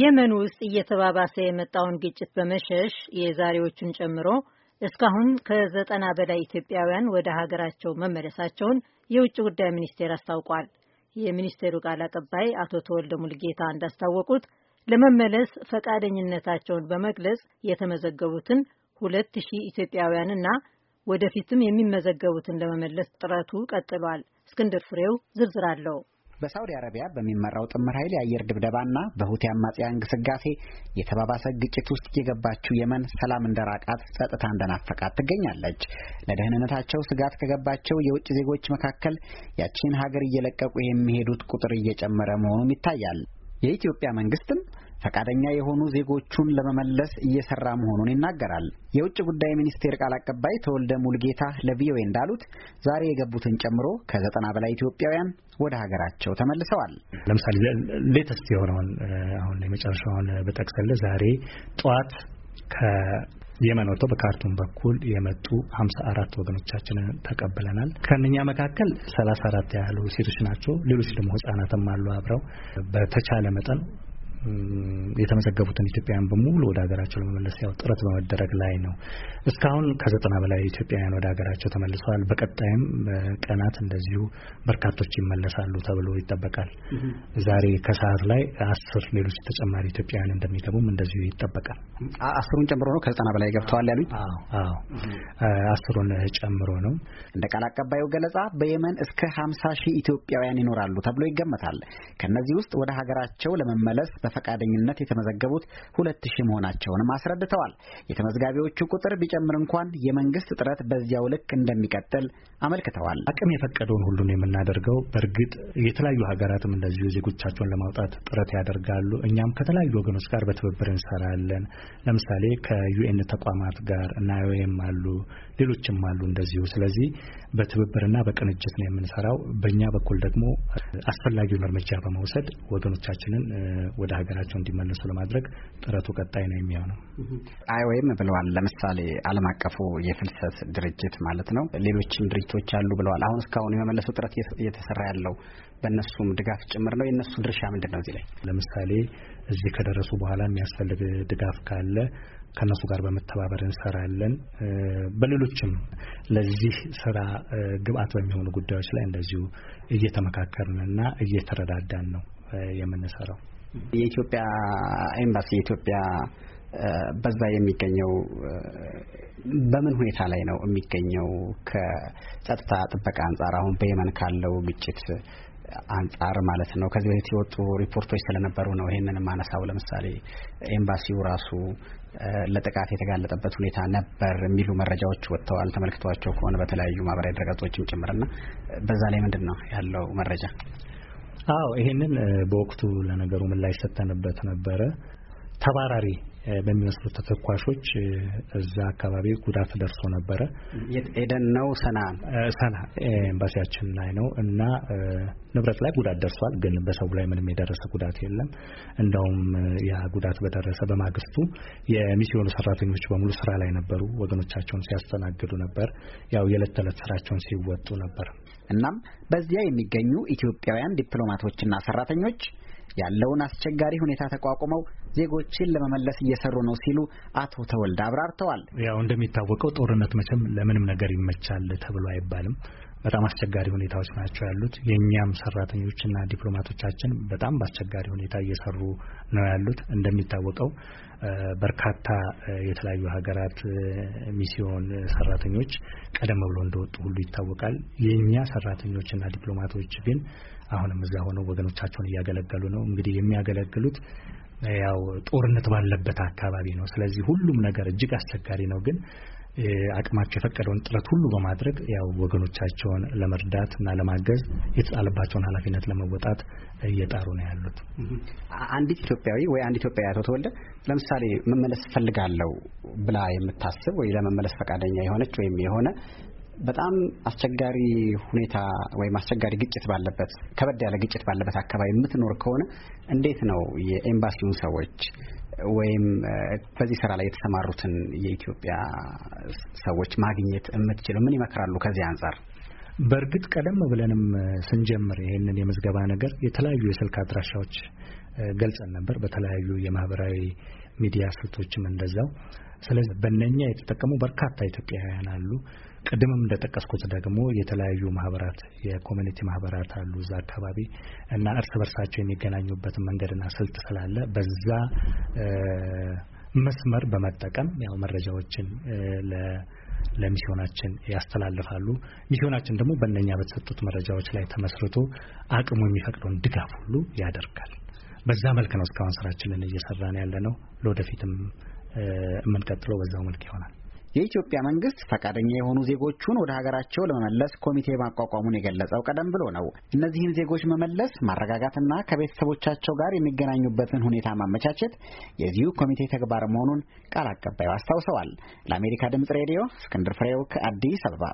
የመን ውስጥ እየተባባሰ የመጣውን ግጭት በመሸሽ የዛሬዎቹን ጨምሮ እስካሁን ከዘጠና በላይ ኢትዮጵያውያን ወደ ሀገራቸው መመለሳቸውን የውጭ ጉዳይ ሚኒስቴር አስታውቋል። የሚኒስቴሩ ቃል አቀባይ አቶ ተወልደ ሙልጌታ እንዳስታወቁት ለመመለስ ፈቃደኝነታቸውን በመግለጽ የተመዘገቡትን ሁለት ሺህ ኢትዮጵያውያንና ወደፊትም የሚመዘገቡትን ለመመለስ ጥረቱ ቀጥሏል። እስክንድር ፍሬው ዝርዝር አለው። በሳውዲ አረቢያ በሚመራው ጥምር ኃይል የአየር ድብደባና በሁቲ አማጽያን እንቅስቃሴ የተባባሰ ግጭት ውስጥ የገባችው የመን ሰላም እንደራቃት፣ ጸጥታ እንደናፈቃት ትገኛለች። ለደህንነታቸው ስጋት ከገባቸው የውጭ ዜጎች መካከል ያቺን ሀገር እየለቀቁ የሚሄዱት ቁጥር እየጨመረ መሆኑም ይታያል። የኢትዮጵያ መንግስትም ፈቃደኛ የሆኑ ዜጎቹን ለመመለስ እየሰራ መሆኑን ይናገራል። የውጭ ጉዳይ ሚኒስቴር ቃል አቀባይ ተወልደ ሙልጌታ ለቪኦኤ እንዳሉት ዛሬ የገቡትን ጨምሮ ከዘጠና በላይ ኢትዮጵያውያን ወደ ሀገራቸው ተመልሰዋል። ለምሳሌ ሌተስት የሆነውን አሁን የመጨረሻውን በጠቅሰለ ዛሬ ጠዋት የመን ወጥተው በካርቱም በኩል የመጡ አራት ወገኖቻችንን ተቀብለናል። ከእነኛ መካከል ሰላሳ አራት ያህሉ ሴቶች ናቸው። ሌሎች ደግሞ ህጻናትም አሉ። አብረው በተቻለ መጠን የተመዘገቡትን ኢትዮጵያውያን በሙሉ ወደ ሀገራቸው ለመመለስ ያው ጥረት በመደረግ ላይ ነው። እስካሁን ከዘጠና በላይ ኢትዮጵያውያን ወደ ሀገራቸው ተመልሰዋል። በቀጣይም በቀናት እንደዚሁ በርካቶች ይመለሳሉ ተብሎ ይጠበቃል። ዛሬ ከሰዓት ላይ አስር ሌሎች ተጨማሪ ኢትዮጵያውያን እንደሚገቡም እንደዚሁ ይጠበቃል። አስሩን ጨምሮ ነው ከዘጠና በላይ ገብተዋል ያሉኝ? አዎ አስሩን ጨምሮ ነው። እንደ ቃል አቀባዩ ገለጻ በየመን እስከ ሀምሳ ሺህ ኢትዮጵያውያን ይኖራሉ ተብሎ ይገመታል። ከእነዚህ ውስጥ ወደ ሀገራቸው ለመመለስ በፈቃደኝነት የተመዘገቡት ሁለት ሺህ መሆናቸውንም አስረድተዋል። የተመዝጋቢዎቹ ቁጥር ቢጨምር እንኳን የመንግስት ጥረት በዚያው ልክ እንደሚቀጥል አመልክተዋል። አቅም የፈቀደውን ሁሉ ነው የምናደርገው። በእርግጥ የተለያዩ ሀገራትም እንደዚሁ ዜጎቻቸውን ለማውጣት ጥረት ያደርጋሉ። እኛም ከተለያዩ ወገኖች ጋር በትብብር እንሰራለን። ለምሳሌ ከዩኤን ተቋማት ጋር እና ዩኤም አሉ፣ ሌሎችም አሉ እንደዚሁ። ስለዚህ በትብብርና በቅንጅት ነው የምንሰራው። በእኛ በኩል ደግሞ አስፈላጊውን እርምጃ በመውሰድ ወገኖቻችንን ወደ ሀገራቸው እንዲመለሱ ለማድረግ ጥረቱ ቀጣይ ነው የሚሆነው። አይ ወይም ብለዋል። ለምሳሌ ዓለም አቀፉ የፍልሰት ድርጅት ማለት ነው። ሌሎችም ድርጅቶች አሉ ብለዋል። አሁን እስካሁን የመመለሱ ጥረት እየተሰራ ያለው በእነሱም ድጋፍ ጭምር ነው። የእነሱ ድርሻ ምንድን ነው? እዚህ ላይ ለምሳሌ እዚህ ከደረሱ በኋላ የሚያስፈልግ ድጋፍ ካለ ከእነሱ ጋር በመተባበር እንሰራለን። በሌሎችም ለዚህ ስራ ግብአት በሚሆኑ ጉዳዮች ላይ እንደዚሁ እየተመካከርን እየተረዳዳን ነው የምንሰራው። የኢትዮጵያ ኤምባሲ የኢትዮጵያ በዛ የሚገኘው በምን ሁኔታ ላይ ነው የሚገኘው? ከጸጥታ ጥበቃ አንጻር አሁን በየመን ካለው ግጭት አንጻር ማለት ነው። ከዚህ በፊት የወጡ ሪፖርቶች ስለነበሩ ነው ይሄንን ማነሳው። ለምሳሌ ኤምባሲው ራሱ ለጥቃት የተጋለጠበት ሁኔታ ነበር የሚሉ መረጃዎች ወጥተዋል። ተመልክተዋቸው ከሆነ በተለያዩ ማህበራዊ ድረገጾችም ጭምርና በዛ ላይ ምንድን ነው ያለው መረጃ? አዎ ይሄንን በወቅቱ ለነገሩ ምላሽ ሰጠንበት ነበረ። ተባራሪ በሚመስሉ ተተኳሾች እዛ አካባቢ ጉዳት ደርሶ ነበረ። ኤደን ነው ሰና ሰና ኤምባሲያችን ላይ ነው እና ንብረት ላይ ጉዳት ደርሷል፣ ግን በሰው ላይ ምንም የደረሰ ጉዳት የለም። እንደውም ያ ጉዳት በደረሰ በማግስቱ የሚስዮኑ ሰራተኞች በሙሉ ስራ ላይ ነበሩ። ወገኖቻቸውን ሲያስተናግዱ ነበር። ያው የዕለት ተዕለት ስራቸውን ሲወጡ ነበር። እናም በዚያ የሚገኙ ኢትዮጵያውያን ዲፕሎማቶችና ሰራተኞች ያለውን አስቸጋሪ ሁኔታ ተቋቁመው ዜጎችን ለመመለስ እየሰሩ ነው ሲሉ አቶ ተወልደ አብራርተዋል። ያው እንደሚታወቀው ጦርነት መቼም ለምንም ነገር ይመቻል ተብሎ አይባልም። በጣም አስቸጋሪ ሁኔታዎች ናቸው ያሉት። የእኛም ሰራተኞችና ዲፕሎማቶቻችን በጣም በአስቸጋሪ ሁኔታ እየሰሩ ነው ያሉት። እንደሚታወቀው በርካታ የተለያዩ ሀገራት ሚስዮን ሰራተኞች ቀደም ብሎ እንደወጡ ሁሉ ይታወቃል። የእኛ ሰራተኞችና ዲፕሎማቶች ግን አሁንም እዛ ሆነው ወገኖቻቸውን እያገለገሉ ነው። እንግዲህ የሚያገለግሉት ያው ጦርነት ባለበት አካባቢ ነው። ስለዚህ ሁሉም ነገር እጅግ አስቸጋሪ ነው። ግን አቅማቸው የፈቀደውን ጥረት ሁሉ በማድረግ ያው ወገኖቻቸውን ለመርዳት እና ለማገዝ የተጣለባቸውን ኃላፊነት ለመወጣት እየጣሩ ነው ያሉት። አንዲት ኢትዮጵያዊ ወይ አንድ ኢትዮጵያዊ አቶ ተወልደ ለምሳሌ መመለስ ፈልጋለሁ ብላ የምታስብ ወይ ለመመለስ ፈቃደኛ የሆነች ወይም የሆነ በጣም አስቸጋሪ ሁኔታ ወይም አስቸጋሪ ግጭት ባለበት ከበድ ያለ ግጭት ባለበት አካባቢ የምትኖር ከሆነ እንዴት ነው የኤምባሲውን ሰዎች ወይም በዚህ ስራ ላይ የተሰማሩትን የኢትዮጵያ ሰዎች ማግኘት የምትችለው ምን ይመክራሉ? ከዚህ አንጻር በእርግጥ ቀደም ብለንም ስንጀምር ይህንን የምዝገባ ነገር የተለያዩ የስልክ አድራሻዎች ገልጸን ነበር፣ በተለያዩ የማህበራዊ ሚዲያ ስልቶችም እንደዛው። ስለዚህ በእነኛ የተጠቀሙ በርካታ ኢትዮጵያውያን አሉ። ቅድምም እንደጠቀስኩት ደግሞ የተለያዩ ማህበራት የኮሚኒቲ ማህበራት አሉ እዛ አካባቢ እና እርስ በርሳቸው የሚገናኙበት መንገድና ስልት ስላለ በዛ መስመር በመጠቀም ያው መረጃዎችን ለሚስዮናችን ያስተላልፋሉ። ሚስዮናችን ደግሞ በእነኛ በተሰጡት መረጃዎች ላይ ተመስርቶ አቅሙ የሚፈቅደውን ድጋፍ ሁሉ ያደርጋል። በዛ መልክ ነው እስካሁን ስራችንን እየሰራን ያለ ነው። ለወደፊትም የምንቀጥለው በዛው መልክ ይሆናል። የኢትዮጵያ መንግስት ፈቃደኛ የሆኑ ዜጎቹን ወደ ሀገራቸው ለመመለስ ኮሚቴ ማቋቋሙን የገለጸው ቀደም ብሎ ነው። እነዚህን ዜጎች መመለስ፣ ማረጋጋትና ከቤተሰቦቻቸው ጋር የሚገናኙበትን ሁኔታ ማመቻቸት የዚሁ ኮሚቴ ተግባር መሆኑን ቃል አቀባዩ አስታውሰዋል። ለአሜሪካ ድምጽ ሬዲዮ እስክንድር ፍሬው ከአዲስ አበባ